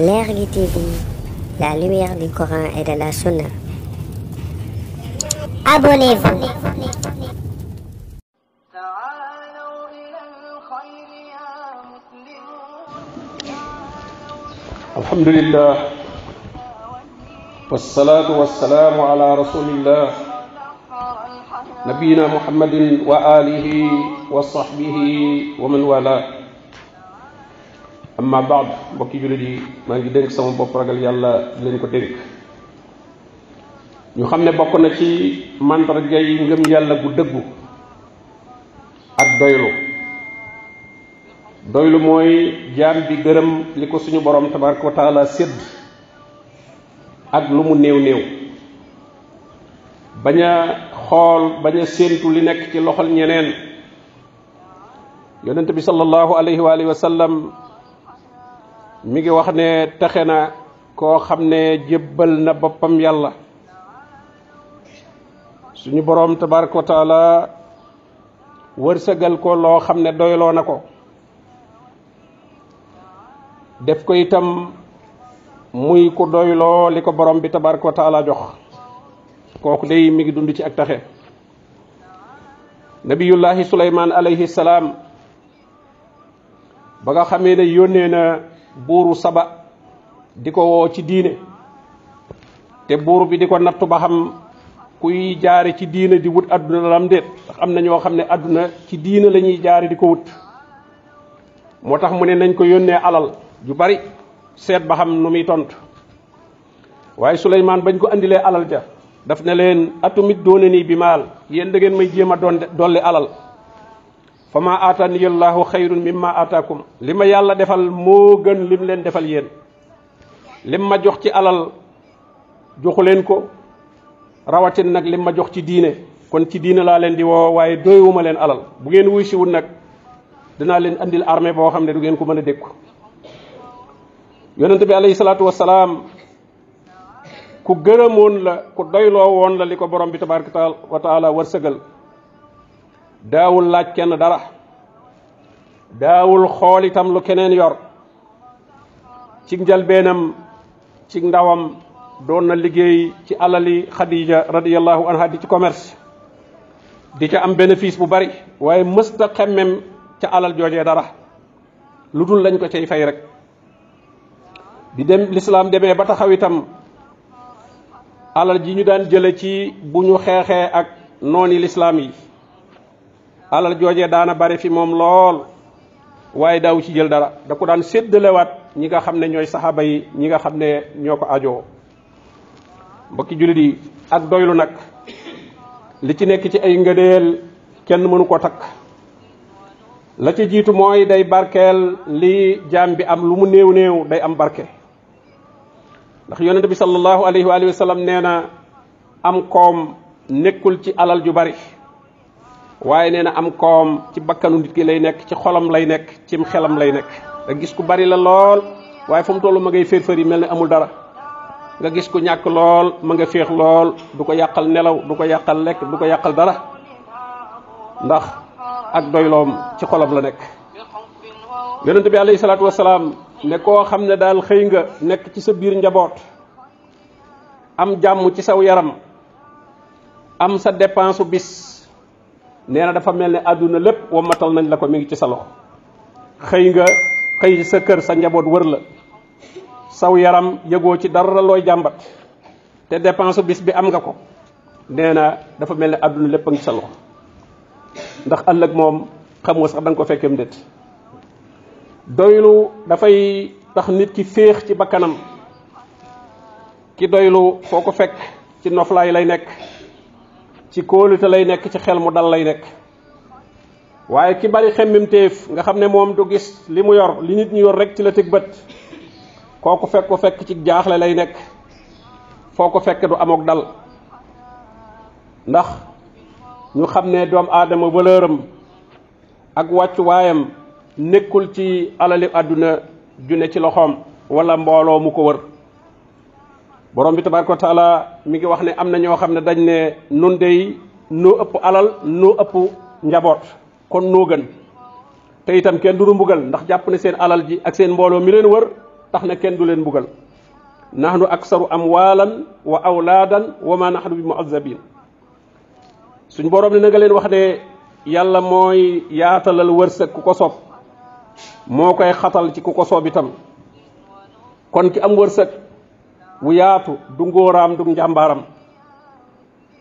L'Airly TV, la lumière du Coran et de la Sunna. Abonnez-vous. الحمد لله والصلاة والسلام على رسول الله نبينا محمد وآله وصحبه ومن والاه amma baad mbokki julit yi ma ngi dénk sama bopp ragal yàlla di leen ko dénk ñu xam ne bokk na ci mandarga yi ngëm yàlla gu dëggu ak doylu doylu mooy jaam bi gërëm li ko suñu borom tabaraka wa taala sédd ak lu mu néew néew baña a xool bañ li nekk ci loxol ñeneen yonent bi sallallahu alayhi wa sallam mi ngi wax ne taxe na koo xam ne jébbal na boppam yàlla suñu boroom tabaraka wa taala wërsëgal ko loo xam ne doyloo na ko def ko itam muy ku doyloo li ko boroom bi tabaraka wa taala jox kooku day mi ngi dund ci ak taxe nabiyullahi suleymaan alayhi salaam ba nga xamee ne yónnee na buru saba di wo ci diine te buru bi di nattu ba xam kuy jaare ci diine di wut aduna lam deet ndax am na ñoo xam ne àdduna ci diine la ñuy jaare di ko wut moo tax mu ne nañ ko yónnee alal ju bari seet ba xam nu muy tontu waaye suleymaan bañ ko andilee alal ja daf ne leen atumit doone nii bi maal yéen da ngeen may jéem a dolli alal fama atani allahu khairun mimma atakum lima yalla defal mo gën lim len defal yeen lim ma jox ci alal joxu len ko rawatin nak lim ma jox ci diine kon ci diine la len di wo waye doyuma len alal bu gën wuy ci nak dina len andil armée bo xamne du gën ko meuna dekk yonent bi alayhi salatu wassalam ku gërëmoon la ku doylo won la liko borom bi tabaraka wa taala wërsegal daawul laaj kenn dara daawul xool itam lu keneen yor ci njalbeenam ci ndawam doon na liggéey ci alali Khadija radiyallahu anha di ci commerce di ca am bénéfice bu bari waaye mësta xemmem ca alal joojee dara lu dul lañ ko cay fay rek di dem lislaam demee ba taxaw itam alal ji ñu daan jële ci bu ñu xeexee ak nooni lislaam yi alal jojé daana bari fi mom lool way daw ci jël dara da ko daan wat ñi nga xamné ñoy sahaba yi ñi nga xamné ñoko ajo mbokki julit yi ak doylu nak li ci nekk ci ay ngeedel kenn mënu ko tak la ci jitu moy day barkel, li jam am lu mu neew neew day am barke ndax yonente bi salallahu alayhi wa sallam neena am kom nekkul ci alal ju bari waaye nee na am koom ci bakkanu nit ki lay nekk ci xolam lay nekk ci xelam lay nekk nga gis ku bari la lool waaye fu mu toll ma ngay férfér yi mel ne amul dara nga gis ku ñàkk lool ma nga féex lool du ko yàqal nelaw du ko yàqal lekk du ko yàqal dara ndax ak doyloom ci xolam la nekk yonent bi alayhi salaatu wasalaam ne koo xam ne daal xëy nga nekk ci sa biir njaboot am jàmm ci saw yaram am sa dépense bis neena dafa melni aduna lepp lépp matal nañ la ko mi ngi ci sa loxo nga xey sa kër sa njabot wër la saw yaram yego ci dara loy jambat te dépense bis bi am nga ko neena dafa melni aduna lepp ngi sa ndax ëllëg mom xamoo sax dang ko fekkem det doylu dafay tax nit ki feex ci bakanam ki doylu foko fekk ci noflay lay nekk ci kóolute lay nekk ci xel mu dal lay nekk waaye ki bari téef nga xam ne moom du gis li mu yor li nit ñu yor rek ci la tëg bët kooku fekk ko fekk ci jaaxle lay nekk foo ko fekk du amok dal ndax ñu xam ne doom aadama valeur am ak wàccuwaayam nekkul ci alali àdduna ju ne ci loxoom wala mbooloo mu ko wër borom bi tabaraka taala mi ngi wax ne am na ñoo xam ne dañ ne nun dey noo ëpp alal noo ëpp njaboot kon noo gën te itam kenn du mbugal ndax jàpp ne seen alal ji ak seen mbooloo mi leen wër tax na kenn du leen mbugal nahnu aksaru amwalan wa awladan wa ma nahnu bi muazzabin suñ borom ne na nga leen wax ne yàlla mooy yaatalal wërsëg ku ko soob moo koy xatal ci ku ko soob itam kon ki am wërsëg wu yaatu du ngóoraam du njàmbaaram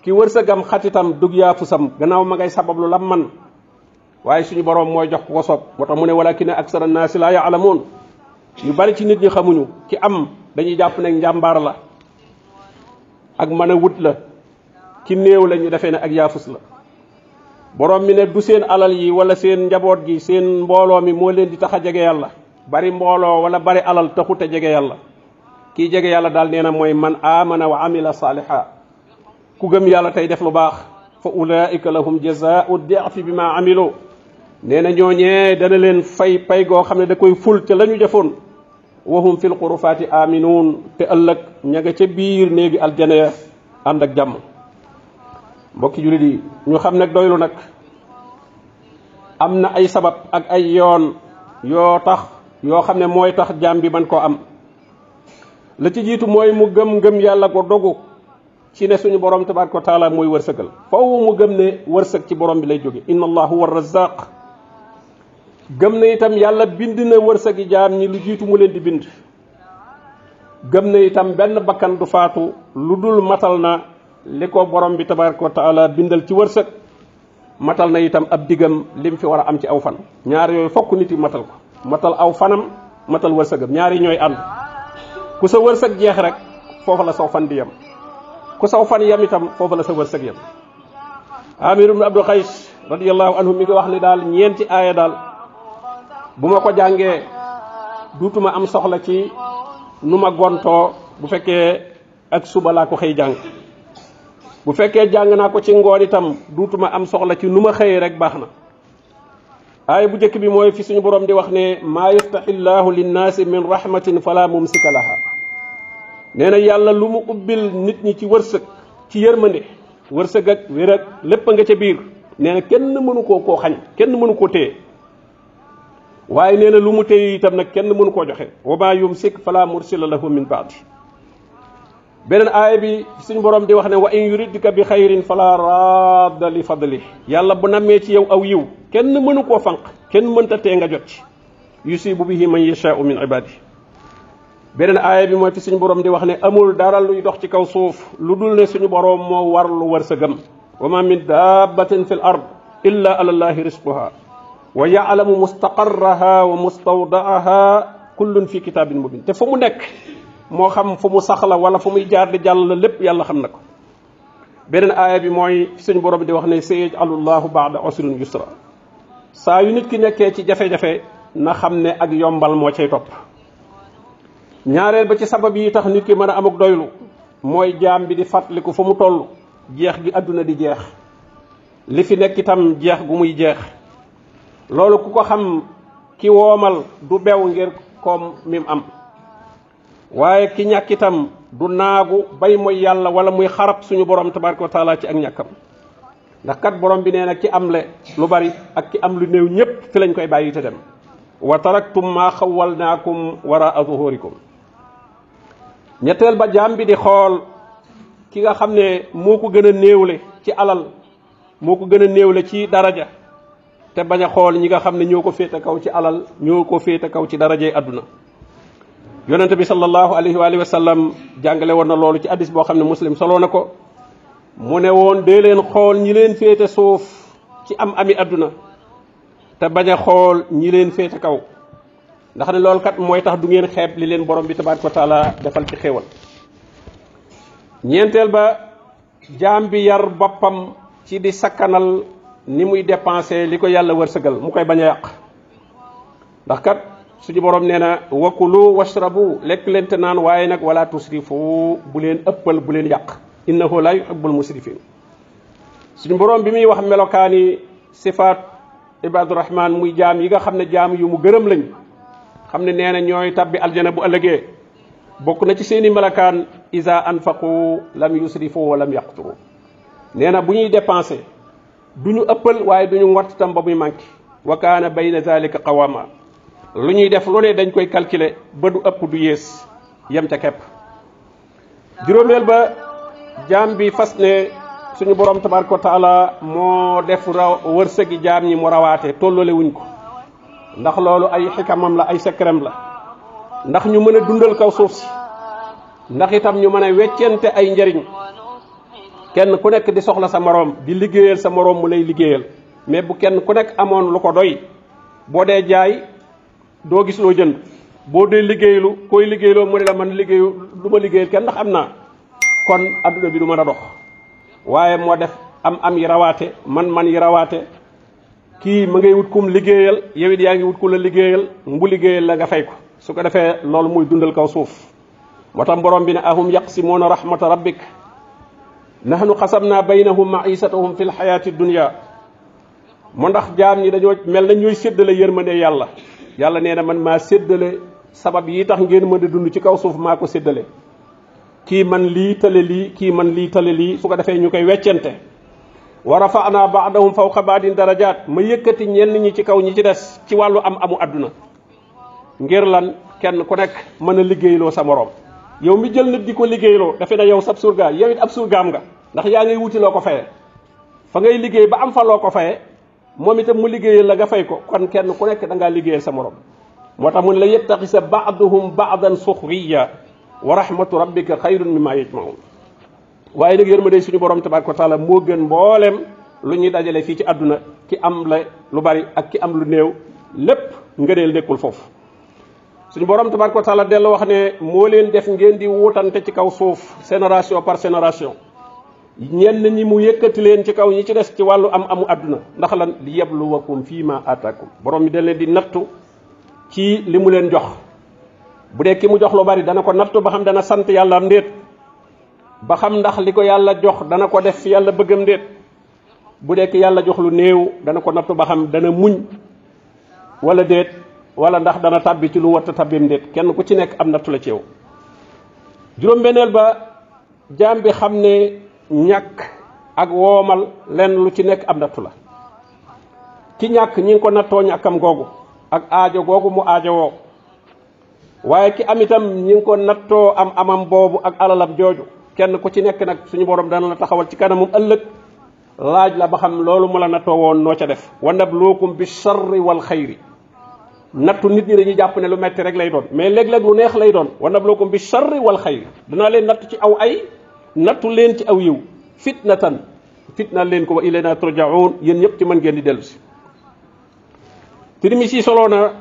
ki wërsëgam xatitam dug sam gannaaw ma ngay sabab lam man waaye suñu borom mooy jox ko soob moo tax mu ne walakina aksara naasi laa yaalamuun ñu bari ci nit ñi xamuñu ki am dañuy jàpp ne njàmbaar la ak mën a wut la ki néew la ñu defee ak yaafus la borom mi ne du seen alal yi wala seen njaboot gi seen mbooloo mi moo leen di tax a jege bari mbooloo wala bari alal taxut a jege yàlla kii jege yàlla daal nee na man amana wa amila saaliha ku gëm yàlla tey def lu baax fa ulaika lahum jazaau diafi bi ma amilo nee na ñooñee dana leen fay pay goo xam da koy ful ca la ñu jëfoon wahum fil xurufaati aminuun te ëllëg ña nga ca néegi aljana ya ànd ak jàmm mbokki jullit yi ñu xam nag doylu nag am ay sabab ak ay yoon yoo tax yoo xam ne tax jaam bi man am la ci jiitu mooy mu gëm ngëm yàlla ko dogu ci ne suñu borom tabaraka wa taala mooy wërsëgal faw mu gëm ne wërsëg ci borom bi lay jóge inna allahu huwa razzaq gëm ne itam yàlla bind na wërsëgi jaam ñi lu jiitu mu leen di bind gëm ne itam benn bakkan du faatu lu dul matal na li ko borom bi tabaraka wa taala bindal ci wërsëg matal na itam ab digam lim fi war a am ci aw fan ñaar yooyu fokk nit yi matal ko matal aw fanam matal wërsëgam ñaari ñooy ànd ku sa wërsëg jeex rek foofu la saw fan di yem ku saw fan yem itam foofu la sa wërsëg yem amir ibn abdul xays radiallahu anhu mi ngi wax ni daal ñeenti aaya daal bu ma ko jàngee duutuma am soxla ci nu ma gontoo bu fekkee ak suba laa ko xëy jàng bu fekkee jàng naa ko ci ngoon itam duutuma am soxla ci nu ma xëyee rek baax na ay bu njëkk bi moy fi suñu borom di wax ne ma yaftaxi llaahu linnaasi min rahmatin fala mumsika laha neena yàlla lu mu ubbil nit ñi ci wërseuk ci yermane wërseuk ak wér ak lépp nga ci biir neena kenn mënu ko ko xagn kenn mënu ko téye waye neena lu mu téye itam nak kenn mënu ko joxe wa ba yumsik fala mursila lahu min ba'di benen ay bi suñu borom di wax ne wa in yuridika bi khairin fala radda li fadli yàlla bu namé ci yow aw yiw kenn mënu ko fank kenn mënta té nga jot ci yusibu bihi man yasha'u min ibadi benen ay bi mooy fi suñu borom di wax ne amul dara luy dox ci kaw suuf ludul ne suñu borom mo war lu wërsegam wa ma min dabbatin fil ard illa ala allah rizquha wa ya'lamu mustaqarraha wa mustawdaaha kullun fi kitabin mubin te fu mu nek moo xam fu mu saxla wala fu muy jaar di jàll la lépp yàlla xam na ko beneen aaya bi mooy suñ borom di wax ne sayaj'alullaahu ba'da usrin yusra saa yu nit ki nekkee ci jafe-jafe na xam ne ak yombal moo cay topp ñaareel ba ci sabab yi tax nit ki mën a amuk doylu mooy jaam bi di fàttaliku fa mu toll jeex gi àdduna di jeex li fi nekk itam jeex gu muy jeex loolu ku ko xam ki woomal du bew ngir koom mim am waaye ki ñàkk itam du naagu bay mooy yàlla wala muy xarab suñu borom tabaraka wa ci ak ñàkkam ndax kat borom bi nee na ki am le lu bari ak ki am lu néew ñépp fi lañ koy bàyyi te dem wa tarak taraktum maa xawalnaakum waraa ko ñetteel ba jaam bi di xool ki nga xam ne moo ko gën a néewle ci alal moo ko gën a néewle ci daraja te bañ xool ñi nga xam ne ñëw ko féete kaw ci alal ñëw ko féete kaw ci darajay àdduna yonente bi sallallahu alayhi wa alihi wa sallam jàngale na ci hadith bo xamne muslim solo nako mu ne won ki len xol ñi len fete suuf ci am ami aduna te khol xol ñi len fete kaw ndax ne loolu kat moy tax du ngeen xeb li len borom bi tabaraku taala defal ci xewal ñentel ba jambiar bi yar sakanal ci di sakanal ni muy dépenser liko yalla wërsegal mu koy baña yaq ndax kat suñu borom nee na wakulu washrabu lekk leen te naan waaye nag wala tusrifu bu leen ëppal bu leen yàq innahu la yuhibbul musrifin suñu boroom bi muy wax melokaani sifaat ibadu rahman muy jaam yi nga xam ne jaam yu mu gërëm lañ xam ne nee na ñooy tabbi aljana bu ëllëgee bokk na ci seeni melokaan isa anfaqu lam yusrifu wa lam yaqturu nee na bu ñuy dépensé du ñu ëppal waaye du ñu ngott tam ba muy manqué wa kaana bayna zalika qawama lu ñuy def lu ne dañ koy calculer ba du ëpp du yées yam ca kep juróomeel ba jam bi fas ne suñu borom tabaraku taala mo def raw wërsëgi jam ñi mu rawaté tollole wuñ ko ndax lolu ay hikamam la ay secretam la ndax ñu mëna dundal kaw suuf ci ndax itam ñu mëna wéccenté ay njariñ kenn ku nekk di soxla sa morom di liggéeyal sa morom mu lay liggéeyal mais bu kenn ku nekk amoon lu ko doy boo dee jaay doo gis loo jënd boo dee liggéeylu koy liggéeyloo mu ne la man liggéeyu du ma liggéeyal kenn ndax am naa kon adduna bi du mën a dox waaye moo def am am yi rawaate man man yi rawaate kii ma ngay wut liggéeyal yow it yaa ngi wut ku la liggéeyal mbu liggéeyal la nga fay ko su ko defee loolu muy dundal kaw suuf moo tax borom bi ne ahum yaqsimuuna rahmata rabbik nahnu xasamna baynahum maisatahum fi lxayaati dunia mu ndax jaam yi dañoo mel na ñuy séddale yërmande yàlla yàlla nee na man maa séddale sabab yi tax ngeen mën a dund ci kaw suuf maa ko séddale kii man lii tale lii kii man lii tale lii su ko defee ñu koy fa weccante wa rafaanaa baadahum fawqa baadin darajaat ma yëkkati ñenn ñi ci kaw ñi ci des ci wàllu am amu àdduna ngir lan kenn ku nekk mën a liggéeyloo sa moroom yow mi jël nit di ko liggéeyloo defe na yow sab surga yow it ab surgaam nga ndax yaa ngay wuti loo ko faye fa ngay liggéey ba am fa loo ko faye moom itam mu liggéeyal la nga fay ko kon kenn ku nekk da nga liggéeyal sa morom moo mun la yettaxisa ba'dhum ba'dan sukhriya wa rahmatu rabbika xayrun mimma yajmaun waye nag yermade suñu borom tabaraka taala mo gën mbollem lu ñuy dajale fi ci aduna ki am la lu bari ak ki am lu néew lépp ngëneel nekkul foofu suñu borom tabaraka taala dellu wax ne mo leen def ngeen di wutante ci kaw suuf génération par génération ñenn ñi mu yëkkati leen ci kaw ñi ci des ci wàllu am amu àdduna ndax lan li yabluwakum fii ma ataakum borom bi da leen di nattu ci li mu leen jox bu dee ki mu jox lu bari dana ko nattu ba xam dana sant yàlla am ndéet ba xam ndax li ko yàlla jox dana ko def fi yàlla bëggam ndéet bu dee ki yàlla jox lu néew dana ko nattu ba xam dana muñ wala déet wala ndax dana tàbbi ci lu watt tàbbim ndéet kenn ku ci nekk am nattu la ci yow juróom-benneel ba ñàkk ak woomal lenn lu ci nekk ab nattu la ki ñàkk ñi ngi ko nattoo ñàkkam googu ak aajo googu mu aajo woo waaye ki am itam ñi ngi ko nattoo am amam boobu ak alalam jooju kenn ku ci nekk nag suñu borom dana la taxawal ci kanamum ëllëg laaj la ba xam loolu mu la nattoo woon noo ca def wa nabluukum bi sharri wal xayri nattu nit ñi dañuy jàpp ne lu metti rek lay doon mais léeg-léeg lu neex lay doon wa nabluukum bi sharri wal xayri danaa leen na ci aw ay nattu leen ci aw yiw fitnatan fitna leen ko wa ilayna turjaun yéen ñëpp ci man ngeen di dellu si Tirmisi soloo na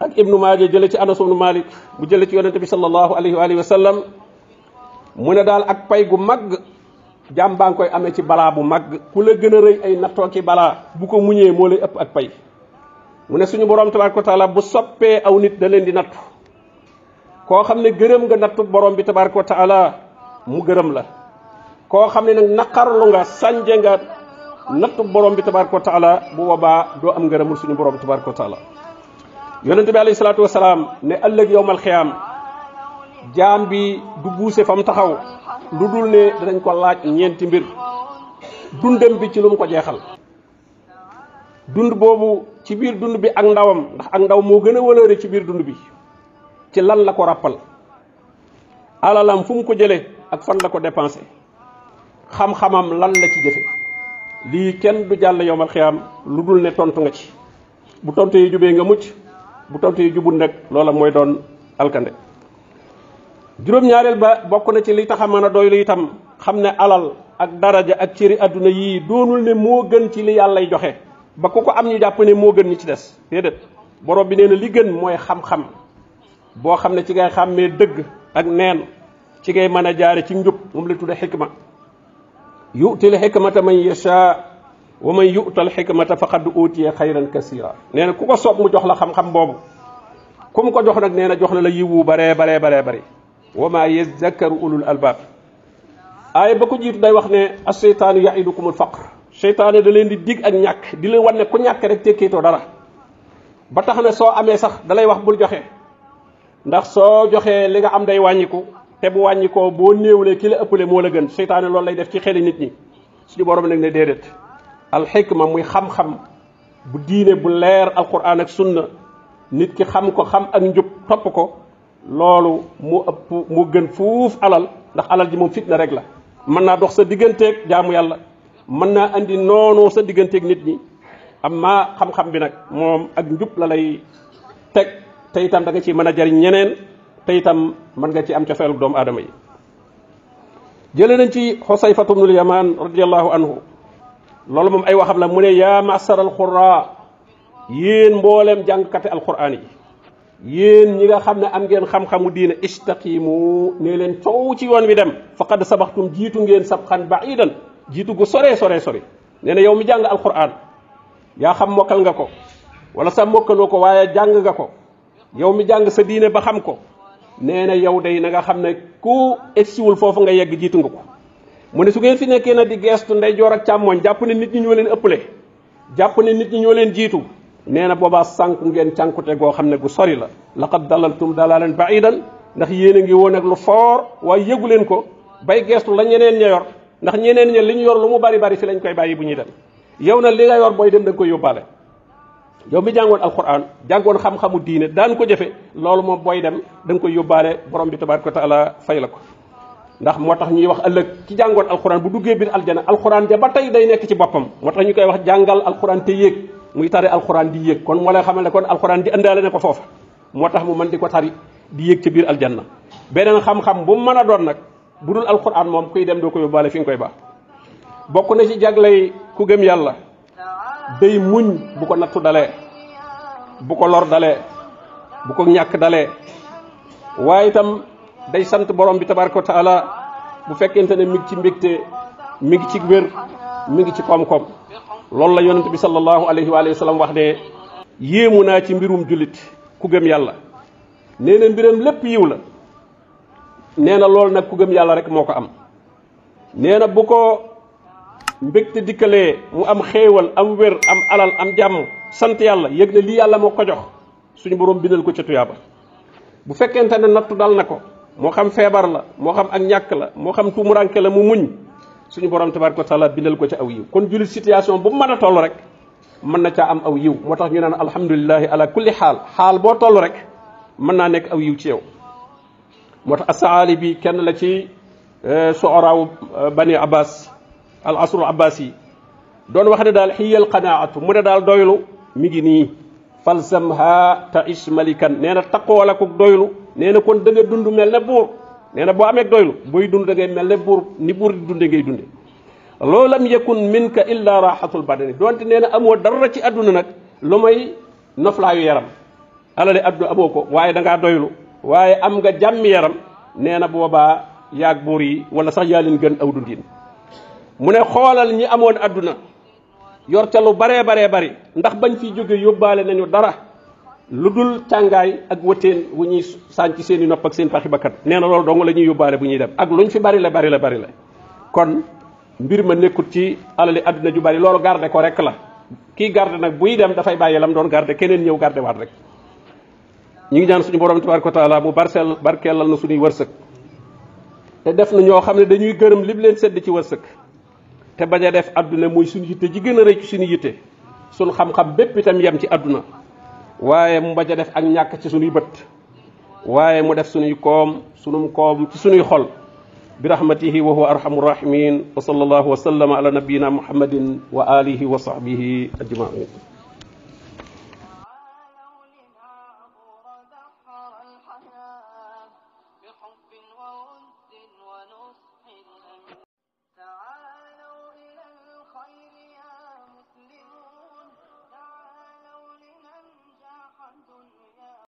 ak ibnu Maaja jële ci Anas ibnu Malik bu jële ci yonente bi sallallahu alayhi wa alihi wa mu ne daal ak pay gu mag jàmm baa ngi koy ame ci balaa bu mag ku la gën a rëy ay nattoo ki balaa bu ko muñee moo lay ëpp ak pay mu ne suñu borom tabaraka wa taala bu soppee aw nit da leen di nattu koo xam ne gërëm nga nattu borom bi tabaraka wa taala mu gërëm la koo xam ne nag naqarlu nga sànje nga natt borom bi tabaraka wa taala bu boobaa doo am ngërëmul suñu borom bi tabaraka wa taala bi alayhi salaatu wasalaam ne ëllëg yowmal xiyaam jaam bi du buuse fa taxaw lu dul ne danañ ko laaj ñeenti mbir dundam bi ci lum ko jeexal dund boobu ci biir dund bi ak ndawam ndax ak ndaw moo gën a wëlëre ci biir dund bi ci lan la ko ràppal alalam fum ko jëlee ak fan la ko dépensé xam-xamam lan la ci jëfe lii kenn du jàll yowmal xiyaam lu dul ne tontu nga ci bu tontu yi jubee nga mucc bu tontu yi jubul nag loola mooy doon alkande juróom-ñaareel ba bokk na ci li tax a mën a doylu itam xam ne alal ak daraja ak cëri àdduna yii doonul ne moo gën ci li yàllay joxe ba ku ko am ñu jàpp ne moo gën ñi ci des déedéet borom bi nee na li gën mooy xam-xam boo xam ne ci ngay xàmmee dëgg ak neen ci ngay mën a jaare ci njub moom la tudde xikma yu'til xikmata man yasha wa man yu'tal xikmata faqad utiya xayran kasira nee na ku ko soob mu jox la xam-xam boobu ku mu ko jox nag nee na jox na la yiwu baree baree baree bari wa ma yazakkaru ulul albab aaya ba ko jiitu day wax ne as seytaanu yaidukumul faqr seytaane da leen di dig ak ñàkk di leen wan ne ku ñàkk rek tekkiitoo dara ba tax ne soo amee sax dalay wax bul joxe ndax soo joxee li nga am day wàññiku te bu wàññi ko boo néewlee ki la eppele mo la gën seytaane lool lay def ci xeli nit ñi suñu borom nak ne dedet al hikma muy xam-xam bu diine bu leer qur'an ak sunna nit ki xam ko xam ak njub top ko loolu mu ëpp mu gën fuuf alal ndax alal ji moom fitna rek la mën naa dox sa digganteeg jaamu yàlla mën naa andi noonu sa digganteeg nit ñi amma xam-xam bi nag moom ak njub la lay teg te itam da nga ci mën a jariñ ñeneen te itam man nga ci am felu doomu aadama yi jëlee nañ ci xusayfatu bnul yaman radiallahu anhu loolu moom ay waxam la mu ne yaa masar alqura yéen mbooleem jàngkate alquran yi yéen ñi nga xam ne am ngeen xam-xamu diine istaqimu ne leen coow ci yoon bi dem faqad sabaxtum jiitu ngeen sabxan baidan jiitu gu sore sore sore nee na yow mi jàng alquran yaa xam mokkal nga ko wala sa mokkaloo ko waaye jàng nga ko yow mi jàng sa diine ba xam ko nee na yow day na nga xam ne ku egsiwul foofu nga yegg jiitu nga ko mu ne su ngeen fi nekkee na di geestu ndeyjoor ak càmmooñ jàpp ne nit ñi ñoo leen ëpp ëppale jàpp ne nit ñi ñoo leen jiitu nee na boobaa sànku ngeen cànkute goo xam ne gu sori la laqad leen dalalan baidan ndax yéen a ngi woo ak lu foor waaye yëgu leen ko bay geestu la ñeneen ña yor ndax ñeneen ña li ñu yor lu mu bari bari fi lañ koy bàyyi bu ñuy dem yow na li nga yor booy dem da nga koy yow mi jàngoon alquran jàngoon xam-xamu diine daan ko jëfe loolu moom booy dem da koy yóbbaale borom bi tabaaraka wa taala fay la ko ndax moo tax ñuy wax ëllëg ci jàngoon alquran bu duggee biir aljana alquran ja ba tey day nekk ci boppam moo tax ñu koy wax jàngal alquran te yéeg muy tari alquran di yéeg kon moo lay xamal ne kon alquran di indaale ne ko foofa moo tax mu mën di ko tari di yéeg ci biir aljanna beneen xam-xam bu mu mën a doon nag bu dul alquran moom kuy dem doo ko yóbbaale fi nga koy baax bokk na ci jaglay ku gëm yàlla day muñ bu ko nattu dalee bu ko lor dalee bu ko ñàkk dalee waaye tam day sant borom bi tabaraka wa taala bu fekkente ne mi ngi ci mbégte mi ngi ci wér mi ngi ci koom-koom loolu la yonent bi sallallahu alayhi wa sallam wax ne yéemu naa ci mbirum jullit ku gëm yàlla nee na mbiram lépp yiw la nee na loolu nag ku gëm yàlla rek moo ko am nee na mbégte dikalé mu am xéewal am wér am alal am jàmm sant yàlla yëg ne lii yàlla moo ko jox suñu borom bindal ko ca tuyaaba bu fekkente ne nattu dal na ko moo xam feebar la moo xam ak ñàkk la moo xam tuumuranke la mu muñ suñu borom tabaraka wa taala bindal ko ca aw yiw kon jullit situation bu mu mën a toll rek mën na caa am aw yiw moo tax ñu naan alhamdulilahi ala kulli xaal xaal boo toll rek mën naa nekk aw yiw ci yow moo tax asaali bi kenn la ci sooraaw bani abbas al asrul abbasi doon wax ne daal xiyal atu mu ne daal doylu mi ngi nii falsamha ta ish malikan nee na taqoo la ko doylu nee na kon da nga dund mel ne buur nee na boo amee doylu booy dund da ngay mel ne buur ni buur di dunde ngay dunde loo lam yakun minka illa raxatul badani donte nee na amoo dara ci àdduna nag lu may noflaayu yaram alale àdduna amoo ko waaye da ngaa doylu waaye am nga jàmm yaram nee na boobaa yaag buur yi wala sax yaa leen gën aw dundin mu ne xoolal ñi amoon àdduna yor ca lu baree baree bari ndax bañ fi jóge yóbbaale nañu dara lu dul càngaay ak wëteen wu ñuy sànc seen i nopp ak seen paxi bakkat nee na loolu dong la ñuy yóbbaale bu ñuy dem ak lu luñ fi bari la bari la bari la kon mbir ma nekkut ci alali adduna ju bari loolu garde ko rek la kii garde nag buy dem dafay bàyyi lam doon garde keneen ñëw garde waat rek ñu ngi ñaan suñu borom tabaraka wa taala mu barkeel barkeelal na suñuy wërsëg te def na ñoo xam ne dañuy gërëm li leen sedd ci wërsëg te baña def aduna moy suñu yitte ji gëna a suñu yitte suñu xam-xam bépp itam yam ci aduna waye mu baña def ak ñak ci suñu bëtt waye mu def suñu koom suñu koom ci suñu xol bi rahmatihi wa huwa arhamur rahimin wa sallallahu wa sallama ala nabiyyina muhammadin wa alihi wa sahbihi ajmain